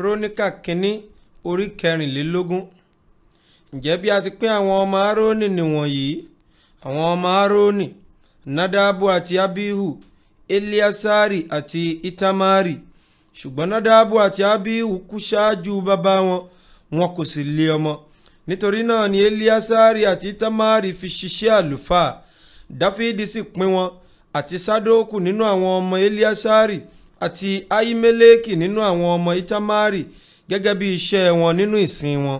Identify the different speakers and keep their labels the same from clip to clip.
Speaker 1: kúrónìkà kínní orí kẹrìnlélógún ǹjẹ́ bí a ti pín àwọn ọmọ aróònì nìwọ̀nyí àwọn ọmọ aróònì nadabu àti abihu eliasari àti itamari ṣùgbọ́n nadabu àti abihu kú ṣáájú bàbá wọn wọn kò sì lé ọmọ nítorí náà ni eliasari àti itamari fi ṣiṣẹ́ àlùfáà dáfídì sì pín wọn àti sadoku nínú àwọn ọmọ eliasari àti ahimeleki nínú àwọn ọmọ itamari gẹ́gẹ́ bí iṣẹ́ wọn nínú ìsìn wọn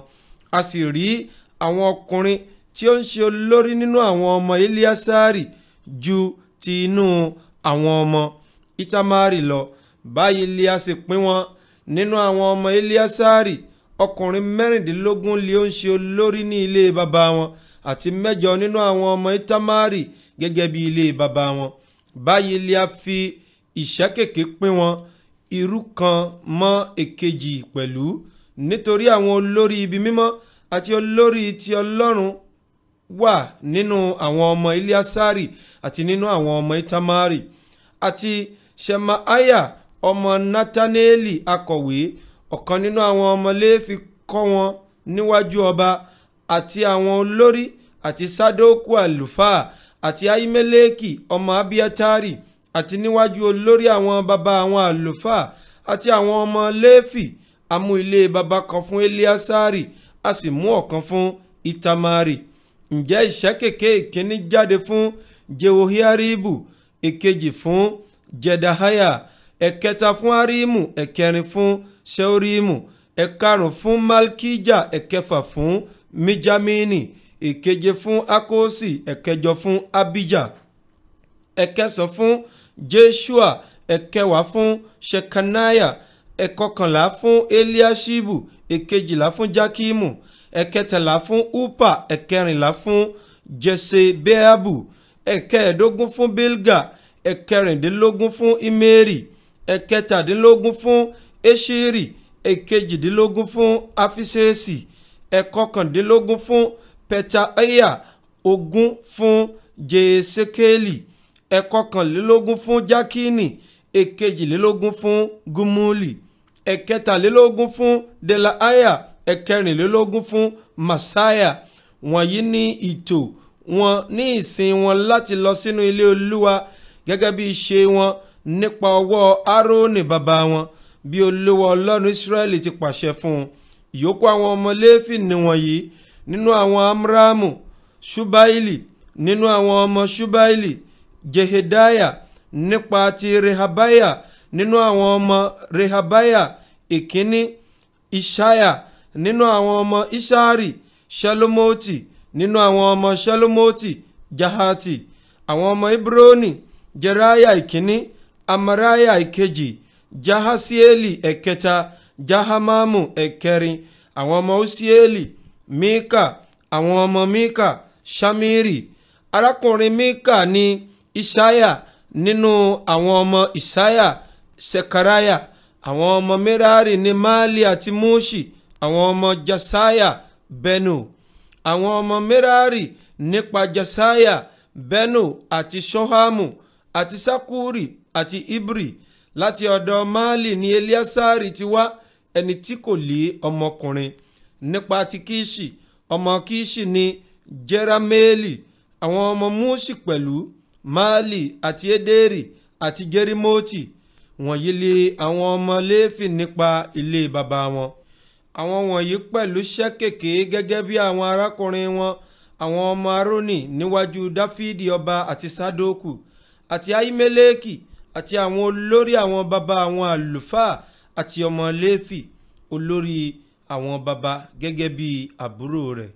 Speaker 1: a sì rí àwọn ọkùnrin tí ó ń ṣe olórí nínú àwọn ọmọ eliasari ju ti inú àwọn ọmọ itamari lọ báyìí lia sì pín wọn nínú àwọn ọmọ eliasari ọkùnrin mẹ́rìndínlógún li ó ń ṣe olórí ní ilé bàbá wọn àti mẹ́jọ nínú àwọn ọmọ itamari gẹ́gẹ́ bí ilé bàbá wọn báyìí lia fi ìṣẹ́kèké pín wọn irú kan mọ́ èkejì pẹ̀lú nítorí àwọn olórí ibi mímọ́ àti olórí ti ọlọ́run wà nínú àwọn ọmọ Eliasari àti nínú àwọn ọmọ Itamari àti Shemaiah ọmọ Natanaeli akọ̀wé ọ̀kan nínú àwọn ọmọ Léfi kọ́ wọn níwájú ọba àti àwọn olórí àti Sadoku alufa àti Ahimeleki ọmọ Abiatari àti níwájú olórí àwọn baba àwọn àlùfáà àti àwọn ọmọ léèfì a ilé baba kan fún eliasari a sì mú ọ̀kan fún itamari ǹjẹ́ ìṣẹ́ kèké ìkíní jáde fún jehoiaribu èkejì fún jedahaya ẹ̀kẹta fún arimu ẹ̀kẹrin fún seorimu ẹ̀karùn fún malkija ẹ̀kẹfà fún mijamini èkeje fún akosi ẹ̀kẹjọ fún abijah ẹ̀kẹsàn fún Jeshua ẹ̀kẹwàá fún Shekaniah ẹ̀kọkànlá fún Eliashibu ẹ̀kejìlá fún Jakimu ẹ̀kẹtàlá fún Upa ẹ̀kẹrìnlá fún Jesebeabu ẹ̀kẹẹ̀dógún fún Bilga ẹ̀kẹrìndínlógún fún Imeri ẹ̀kẹtàdínlógún fún Eshiri ẹ̀kejìdínlógún fún Afisesi ẹ̀kọkàndínlógún fún Petaiah ogún fún Jesekeli ẹ̀kọkànlélógún fún jákínì èkejìlélógún fún gúmúlì ẹ̀kẹtàlélógún fún delahaya ẹ̀kẹrìnlélógún fún masaya wọ̀nyí ní ìtò wọn ní ìsìn wọn láti lọ sínú ilé olúwa gẹ́gẹ́ bí ìṣe wọn nípa ọwọ́ aróòní bàbá wọn bí olúwa ọlọ́run israẹli ti pàṣẹ fún un ìyókù àwọn ọmọ léfì nìwọ̀nyí nínú àwọn amúráàmù ṣúbáìlì nínú àwọn ọmọ ṣúbáìlì jehudaya nípa ti rehabiah nínú àwọn ọmọ rehabiah ìkíní ishaya nínú àwọn ọmọ ishari shalomoti nínú àwọn ọmọ shalomoti jahati àwọn ọmọ ibroni jeraya ìkíní amaraya ìkejì jahasieli eketa jahamamu ekeri àwọn ọmọ Usieli, mika àwọn ọmọ mika shamiri arákùnrin mika ni ishaya nínú àwọn ọmọ ishaya sekaraya àwọn ọmọ merari ní mali àti mushi àwọn ọmọ jasaya benu àwọn ọmọ merari nípa jasaya benu àti shohamu àti sakuri àti ibri láti ọ̀dọ̀ mali ní eliasari ti wá ẹni tí kò lé ọmọkùnrin nípa ti kishi ọmọ kishi ní jerameeli àwọn ọmọ mushi pẹ̀lú Maali àti ederi àti gerimoti wọ̀nyí lé àwọn ọmọ léfì nípa ilé bàbá wọn àwọn wọ̀nyí pẹ̀lú ṣẹ́kèké gẹ́gẹ́ bí àwọn arákùnrin wọn àwọn ọmọ arónì níwájú dáfídì ọba àti sádókù àti ahimeleki àti àwọn olórí àwọn baba àwọn àlùfáà àti ọmọ léfì olórí àwọn baba gẹ́gẹ́ bí àbúrò rẹ̀